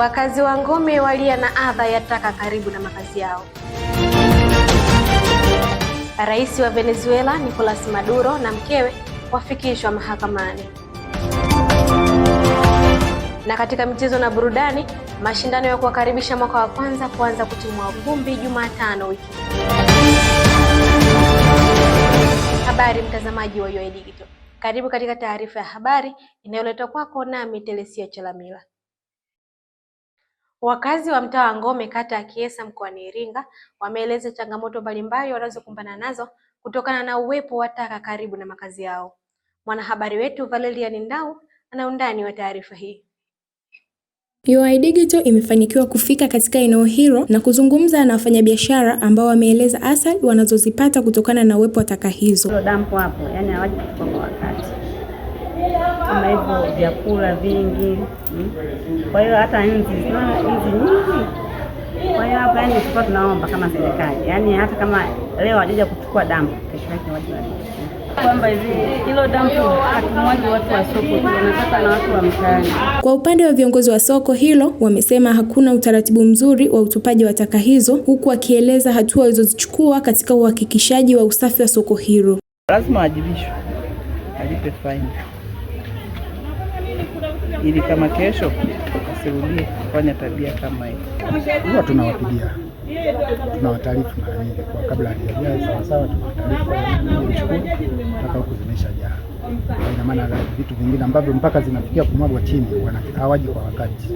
Wakazi wa Ngome walia na adha ya taka karibu na makazi yao. Rais wa Venezuela Nicolas Maduro na mkewe wafikishwa mahakamani. Na katika michezo na burudani, mashindano ya kuwakaribisha mwaka wa kwanza kuanza kutimua vumbi Jumatano wiki. Habari mtazamaji wa UoI Digital, karibu katika taarifa ya habari inayoletwa kwako nami Telesia Chalamila. Wakazi wa mtaa wa Ngome kata ya Kiesa mkoani Iringa wameeleza changamoto mbalimbali wanazokumbana nazo kutokana na uwepo wa taka karibu na makazi yao. Mwanahabari wetu Valeria Ndau ana undani wa taarifa hii. UoI Digital imefanikiwa kufika katika eneo hilo na kuzungumza na wafanyabiashara ambao wameeleza athari wanazozipata kutokana na uwepo wa taka hizo. Dampo hapo, yani hawaji kuchukua kama hivyo vyakula vingi mm. Kwa hiyo hata nzi zinaona nzi nyingi. Kwa hiyo hapa yani tulikuwa tunaomba kama serikali, yani hata kama leo hajaja kuchukua damu, kesho yake waje kwamba wa Kwa upande wa viongozi wa soko hilo wamesema hakuna utaratibu mzuri wa utupaji wa taka hizo, huku wakieleza hatua walizozichukua katika uhakikishaji wa usafi wa soko hilo. Lazima ajibishwe, alipe faini ili kama kesho asirudie kufanya tabia kama hiyo. Huwa tunawapigia tunawataarifu mara nyingi kwa kabla hajajaa sawasawa, tunawataarifu mpaka huku zimeshajaa. Ina maana vitu vingine ambavyo mpaka zinafikia kumwagwa chini hawaji kwa wakati.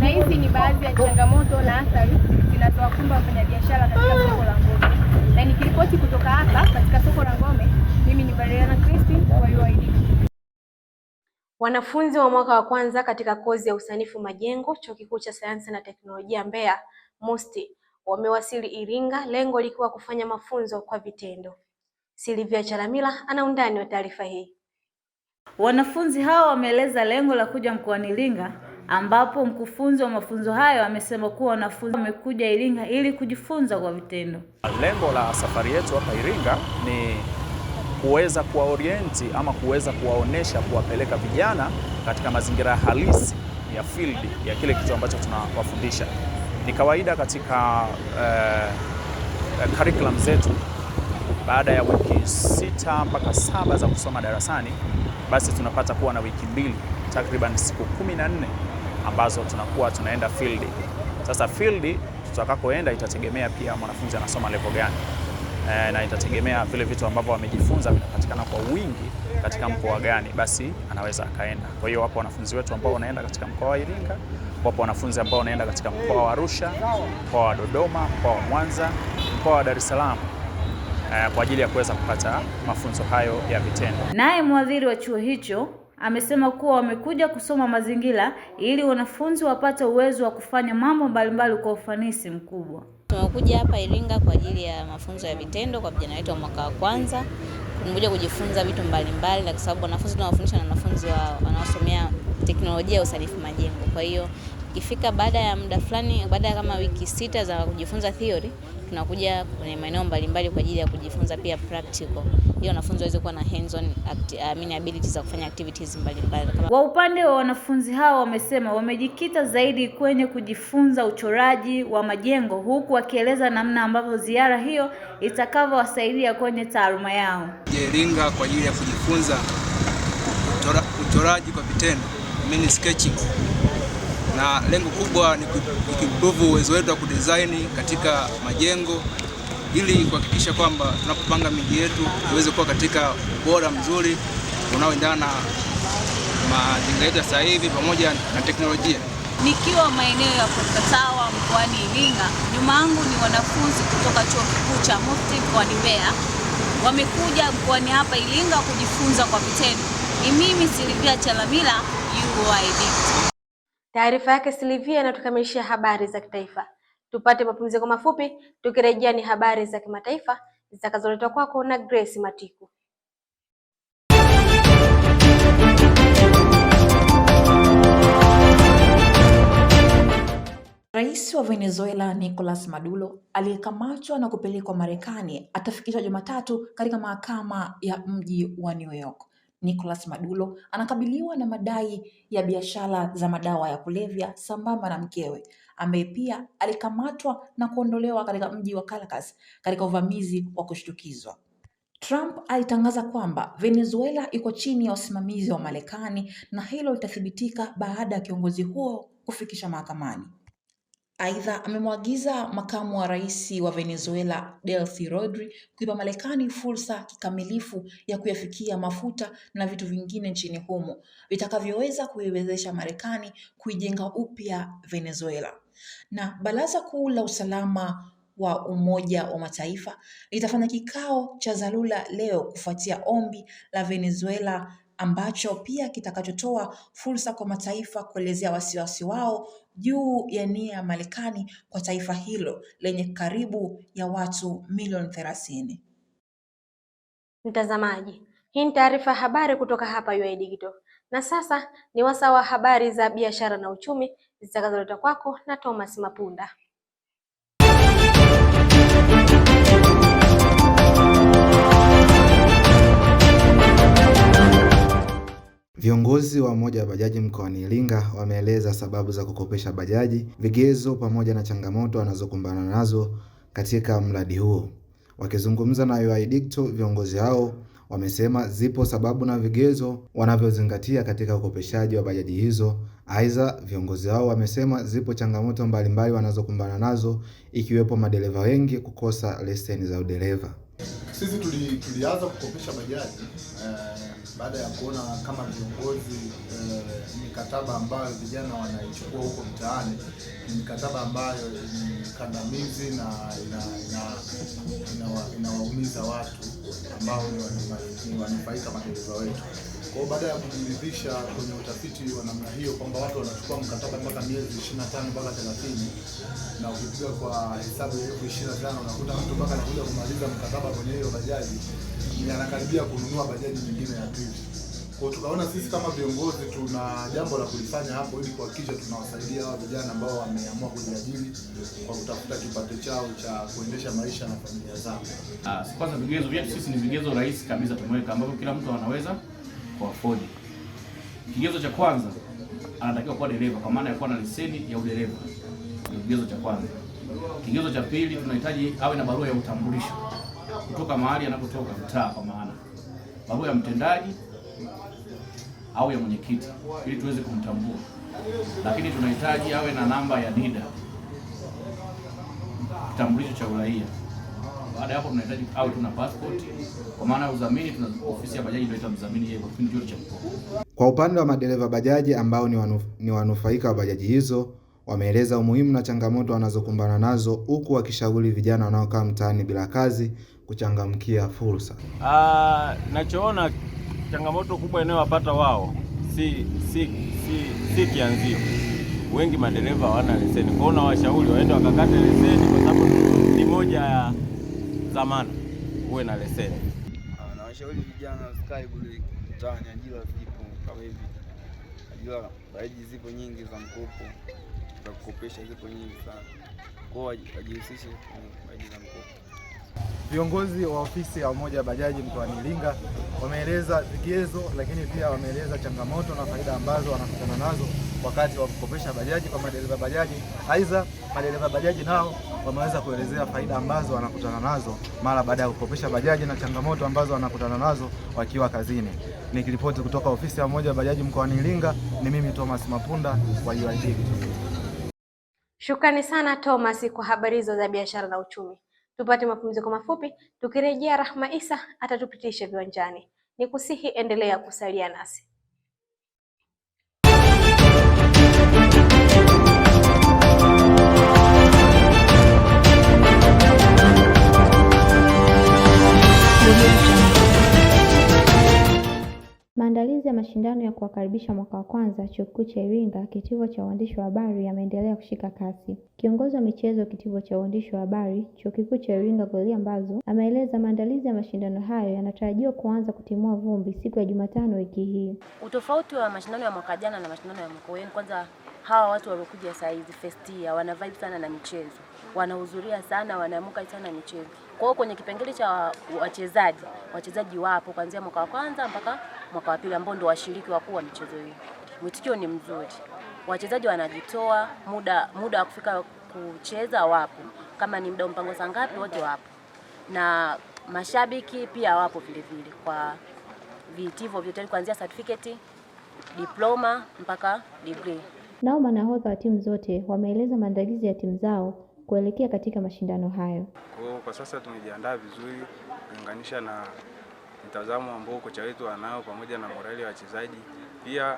Na hizi ni baadhi ya changamoto na athari zinazowakumba wafanyabiashara katika soko la Ngome, na nikiripoti kutoka hapa katika soko la Ngome, mimi ni Mariana Christine wa UoI. Wanafunzi wa mwaka wa kwanza katika kozi ya usanifu majengo, Chuo Kikuu cha Sayansi na Teknolojia Mbeya, MUST, wamewasili Iringa, lengo likiwa kufanya mafunzo kwa vitendo. Silvia Chalamila ana undani wa taarifa hii. Wanafunzi hao wameeleza lengo la kuja mkoani Iringa ambapo mkufunzi wa mafunzo hayo amesema kuwa wanafunzi wamekuja Iringa ili kujifunza kwa vitendo. Lengo la safari yetu hapa Iringa ni kuweza kuwaorienti ama kuweza kuwaonesha, kuwapeleka vijana katika mazingira halisi ya field ya kile kitu ambacho tunawafundisha. Ni kawaida katika uh, curriculum zetu baada ya wiki sita mpaka saba za kusoma darasani, basi tunapata kuwa na wiki mbili takriban siku kumi na nne ambazo tunakuwa tunaenda field. Sasa field tutakakoenda itategemea pia mwanafunzi anasoma level gani eh, na itategemea vile vitu ambavyo wamejifunza vinapatikana kwa wingi katika mkoa gani, basi anaweza akaenda. Kwa hiyo wapo wanafunzi wetu ambao wanaenda katika mkoa wa Iringa, wapo wanafunzi ambao wanaenda katika mkoa wa Arusha, mkoa wa Dodoma, mkoa wa Mwanza, mkoa wa Dar es Salaam eh, kwa ajili ya kuweza kupata mafunzo hayo ya vitendo. Naye mwadhiri wa chuo hicho amesema kuwa wamekuja kusoma mazingira ili wanafunzi wapate uwezo wa kufanya mambo mbalimbali kwa ufanisi mkubwa kuja hapa Iringa kwa ajili ya mafunzo ya vitendo kwa vijana wetu wa mwaka wa kwanza. Tumekuja kujifunza vitu mbalimbali, kwa sababu wanafunzi tunawafundisha na wanafunzi wanaosomea teknolojia ya usanifu majengo. Kwa hiyo ikifika baada ya muda fulani, baada ya kama wiki sita za kujifunza theory, tunakuja kwenye maeneo mbalimbali kwa ajili ya kujifunza pia practical ili wanafunzi waweze kuwa na hands on uh, mini abilities za kufanya activities mbalimbali. Kwa upande wa wanafunzi hao, wamesema wamejikita zaidi kwenye kujifunza uchoraji wa majengo, huku wakieleza namna ambavyo ziara hiyo itakavyowasaidia kwenye taaluma yao. Iringa kwa ajili ya kujifunza uchoraji kwa vitendo, mini sketching na lengo kubwa ni kuimprove uwezo wetu wa kudesign katika majengo ili kuhakikisha kwamba tunapopanga miji yetu iweze kuwa katika ubora mzuri unaoendana na mazingira yetu sasa hivi pamoja na teknolojia. Nikiwa maeneo ya Port Tower mkoani Iringa, nyuma yangu ni wanafunzi kutoka chuo kikuu cha Mufti mkoani Mbeya, wamekuja mkoani hapa Iringa kujifunza kwa vitendo. Ni mimi Silvia Chalamila, UoI. Taarifa yake Silvia inatukamilishia habari za kitaifa. Tupate mapumziko mafupi, tukirejea ni habari za kimataifa zitakazoletwa kwako na Grace Matiku. Rais wa Venezuela Nicolas Maduro aliyekamatwa na kupelekwa Marekani atafikishwa Jumatatu katika mahakama ya mji wa New York. Nicolas Maduro anakabiliwa na madai ya biashara za madawa ya kulevya sambamba na mkewe ambaye pia alikamatwa na kuondolewa katika mji wa Caracas katika uvamizi wa kushtukizwa. Trump alitangaza kwamba Venezuela iko chini ya usimamizi wa Marekani na hilo litathibitika baada ya kiongozi huo kufikisha mahakamani. Aidha, amemwagiza makamu wa rais wa Venezuela Delcy Rodri kuipa Marekani fursa kikamilifu ya kuyafikia mafuta na vitu vingine nchini humo vitakavyoweza kuiwezesha Marekani kuijenga upya Venezuela na Baraza Kuu la Usalama wa Umoja wa Mataifa litafanya kikao cha dharura leo kufuatia ombi la Venezuela ambacho pia kitakachotoa fursa kwa mataifa kuelezea wasiwasi wao juu ya nia ya Marekani kwa taifa hilo lenye karibu ya watu milioni thelathini. Mtazamaji, hii ni taarifa ya habari kutoka hapa UoI e Digital. Na sasa ni wasaa wa habari za biashara na uchumi zitakazoletwa kwako na Thomas Mapunda. Viongozi wa moja wa bajaji mkoani Iringa wameeleza sababu za kukopesha bajaji, vigezo pamoja na changamoto wanazokumbana nazo katika mradi huo. Wakizungumza na UoI Digital, viongozi hao Wamesema zipo sababu na vigezo wanavyozingatia katika ukopeshaji wa bajaji hizo. Aidha, viongozi hao wamesema zipo changamoto mbalimbali wanazokumbana nazo ikiwepo madereva wengi kukosa leseni za udereva. Sisi tulianza tuli kukopesha bajaji eh, baada ya kuona kama viongozi eh, mikataba ambayo vijana wanaichukua huko mtaani ni mikataba ambayo ni kandamizi na inawaumiza watu ambao ni wanufaika madereva wetu. Kwa baada ya kujiridhisha kwenye utafiti wa namna hiyo kwamba watu wanachukua mkataba mpaka miezi 25 mpaka 30 na ukipiga kwa hesabu ya elfu ishirini unakuta mtu mpaka anakuja kumaliza mkataba kwenye hiyo bajaji anakaribia kununua bajaji nyingine ya pili. Kwa tukaona sisi kama viongozi tuna jambo la kulifanya hapo, ili kuhakikisha tunawasaidia hawa vijana ambao wameamua kujiajiri kwa kutafuta kipato chao cha kuendesha maisha na familia zao. Ah, kwanza vigezo vyetu sisi ni vigezo rahisi kabisa tumeweka, ambavyo kila mtu anaweza kuafodi. Kigezo cha kwanza anatakiwa kuwa dereva, kwa maana ya kuwa na leseni ya udereva, ndio kigezo cha kwanza. Kigezo cha pili tunahitaji awe na barua ya utambulisho kutoka mahali anapotoka mtaa, kwa maana barua ya mtendaji au ya mwenyekiti, ili tuweze kumtambua. Lakini tunahitaji awe na namba ya NIDA, kitambulisho cha uraia. Baada ya hapo, tunahitaji awe tuna passport, kwa maana ya udhamini, tuna ofisi ya bajaji ndio mdhamini yeye kwa kipindi chote cha mkopo. Kwa upande wa madereva bajaji ambao ni, wanuf, ni wanufaika wa bajaji hizo wameeleza umuhimu na changamoto wanazokumbana nazo huku wakishauri vijana wanaokaa mtaani bila kazi kuchangamkia fursa? Uh, nachoona changamoto kubwa inayowapata wao si si si, si kianzio. Wengi madereva hawana leseni, kwao, na washauri waende wakakate leseni, kwa sababu ni moja ya dhamana uwe na leseni. Ah, na washauri vijana wasikae bure mtaani, ajira zipo kama hivi, ajira baadhi zipo nyingi za mkopo za kukopesha, zipo nyingi sana, kwao, wajihusishe kwenye ajira mkopo. Viongozi wa ofisi ya Umoja wa Bajaji mkoani Iringa wameeleza vigezo, lakini pia wameeleza changamoto na faida ambazo wanakutana nazo wakati wa kukopesha bajaji kwa madereva bajaji. Aidha, madereva bajaji nao wameweza kuelezea faida ambazo wanakutana nazo mara baada ya kukopesha bajaji na changamoto ambazo wanakutana nazo wakiwa kazini. Nikiripoti kutoka ofisi ya Umoja wa Bajaji mkoani Iringa, ni mimi Thomas Mapunda wa Shukrani sana Thomas kwa habari hizo za biashara na uchumi. Tupate mapumziko mafupi, tukirejea Rahma Isa atatupitisha viwanjani. Nikusihi endelea kusalia nasi. Maandalizi ya mashindano ya kuwakaribisha mwaka wa kwanza Chuo Kikuu cha Iringa Kitivo cha Uandishi wa Habari yameendelea kushika kasi. Kiongozi wa michezo Kitivo cha Uandishi wa Habari Chuo Kikuu cha Iringa Gloria Mbazu ameeleza maandalizi ya mashindano hayo yanatarajiwa kuanza kutimua vumbi siku ya Jumatano wiki hii. Utofauti wa mashindano ya mwaka jana na mashindano ya mwaka huu, yaani kwanza hawa watu waliokuja saa hizi first year wana vibe sana na michezo, wanahudhuria sana, wanaamka sana michezo kwa hiyo kwenye kipengele cha wachezaji, wachezaji wapo kuanzia mwaka wa kwanza mpaka mwaka wa pili ambao ndio washiriki wakuu wa michezo hii. Mwitikio ni mzuri, wachezaji wanajitoa, muda muda wa kufika kucheza wapo, kama ni muda mpango saa ngapi, wote wapo, na mashabiki pia wapo vile vile kwa vitivo vyote kuanzia certificate, diploma mpaka degree. Nao manahodha wa timu zote wameeleza maandalizi ya timu zao kuelekea katika mashindano hayo. Kwa, kwa sasa tumejiandaa vizuri kulinganisha na mtazamo ambao kocha wetu anao pamoja na morali ya wachezaji. Pia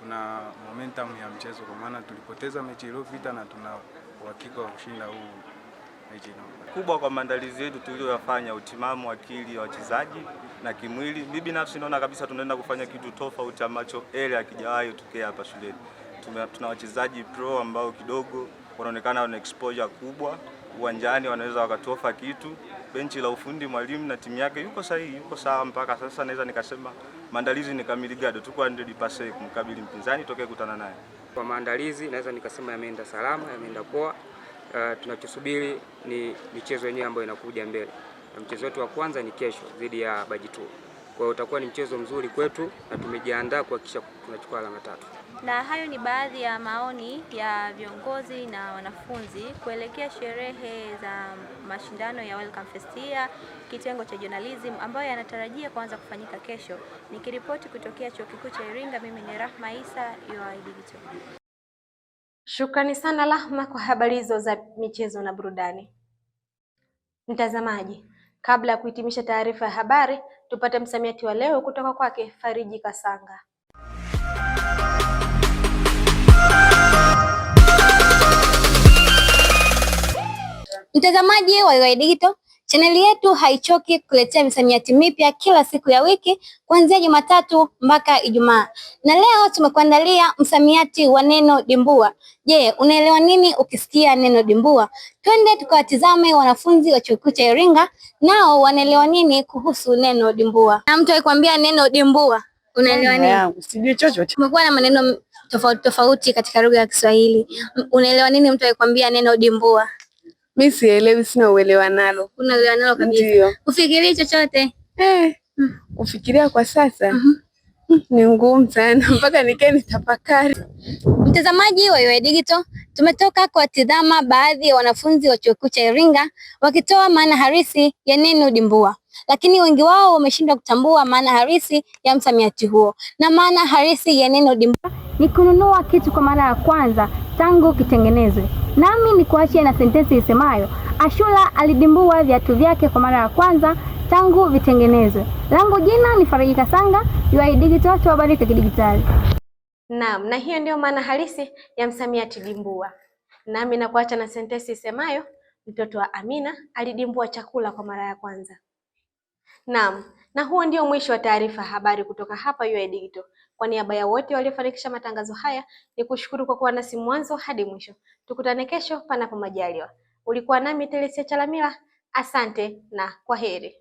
tuna momentum ya mchezo kwa maana tulipoteza mechi iliyopita na tuna uhakika wa kushinda huu mechi kubwa. Kwa maandalizi yetu tuliyoyafanya, utimamu akili ya wachezaji na kimwili, mi binafsi naona kabisa tunaenda kufanya kitu tofauti ambacho ele akijawahi tokea hapa shuleni. Tuna wachezaji pro ambao kidogo wanaonekana wana exposure kubwa uwanjani, wanaweza wakatuofa kitu. Benchi la ufundi, mwalimu na timu yake yuko sahihi, yuko sawa mpaka sasa. Naweza nikasema maandalizi ni kamili gado, tuko 100% kumkabili mpinzani tokee kutana naye. Kwa maandalizi naweza nikasema yameenda salama, yameenda poa. Uh, tunachosubiri ni michezo yenyewe ambayo inakuja mbele, na mchezo wetu wa kwanza ni kesho dhidi ya Bajitu. Kwa hiyo utakuwa ni mchezo mzuri kwetu na tumejiandaa kuhakikisha tunachukua alama tatu. Na hayo ni baadhi ya maoni ya viongozi na wanafunzi kuelekea sherehe za mashindano ya Welcome Festia kitengo cha journalism ambayo yanatarajia kuanza kufanyika kesho. Nikiripoti kutokea Chuo Kikuu cha Iringa, mimi ni Rahma Isa, UoI Digital. Shukrani sana Rahma kwa habari hizo za michezo na burudani. Mtazamaji Kabla ya kuhitimisha taarifa ya habari, tupate msamiati wa leo kutoka kwake Fariji Kasanga. Mtazamaji wa UoI Digital, Chaneli yetu haichoki kuletea misamiati mipya kila siku ya wiki kuanzia Jumatatu mpaka Ijumaa, na leo tumekuandalia msamiati wa neno dimbua. Je, unaelewa nini ukisikia neno dimbua? Twende tukawatizame wanafunzi wa chuo kikuu cha Iringa, nao wanaelewa nini kuhusu neno dimbua. Na mtu akikwambia neno dimbua, unaelewa nini? Sijui chochote. Kumekuwa na maneno tofauti tofauti katika lugha ya Kiswahili. Unaelewa nini mtu akikwambia neno dimbua? mi sielewi, sina uelewa nalo. uelewa nalo kabisa? Ndio. Ufikirie chochote eh? Mm. Ufikiria kwa sasa uh mm-hmm. -huh. Ni ngumu sana mpaka nikae nitafakari. Mtazamaji wa UoI Digital, tumetoka kuwatizama baadhi ya wanafunzi wa Chuo Kikuu cha Iringa wakitoa maana halisi ya neno dimbua, lakini wengi wao wameshindwa kutambua maana halisi ya msamiati huo na maana halisi ya neno dimbua ni kununua kitu kwa mara ya kwanza tangu kitengenezwe. Nami nikuachie na sentensi isemayo Ashura alidimbua viatu vyake kwa mara ya kwanza tangu vitengenezwe. Langu jina ni Faraji Kasanga, UoI Digital, tuwabariki kidigitali. Naam, na hiyo ndiyo maana halisi ya msamiati dimbua. Nami nakuacha na sentensi isemayo mtoto wa Amina alidimbua chakula kwa mara ya kwanza. Naam. Na huo ndio mwisho wa taarifa ya habari kutoka hapa UoI Digital. Kwa niaba ya wote waliofanikisha matangazo haya, ni kushukuru kwa kuwa nasi mwanzo hadi mwisho. Tukutane kesho, panapo majaliwa. Ulikuwa nami Telesia Chalamila, asante na kwa heri.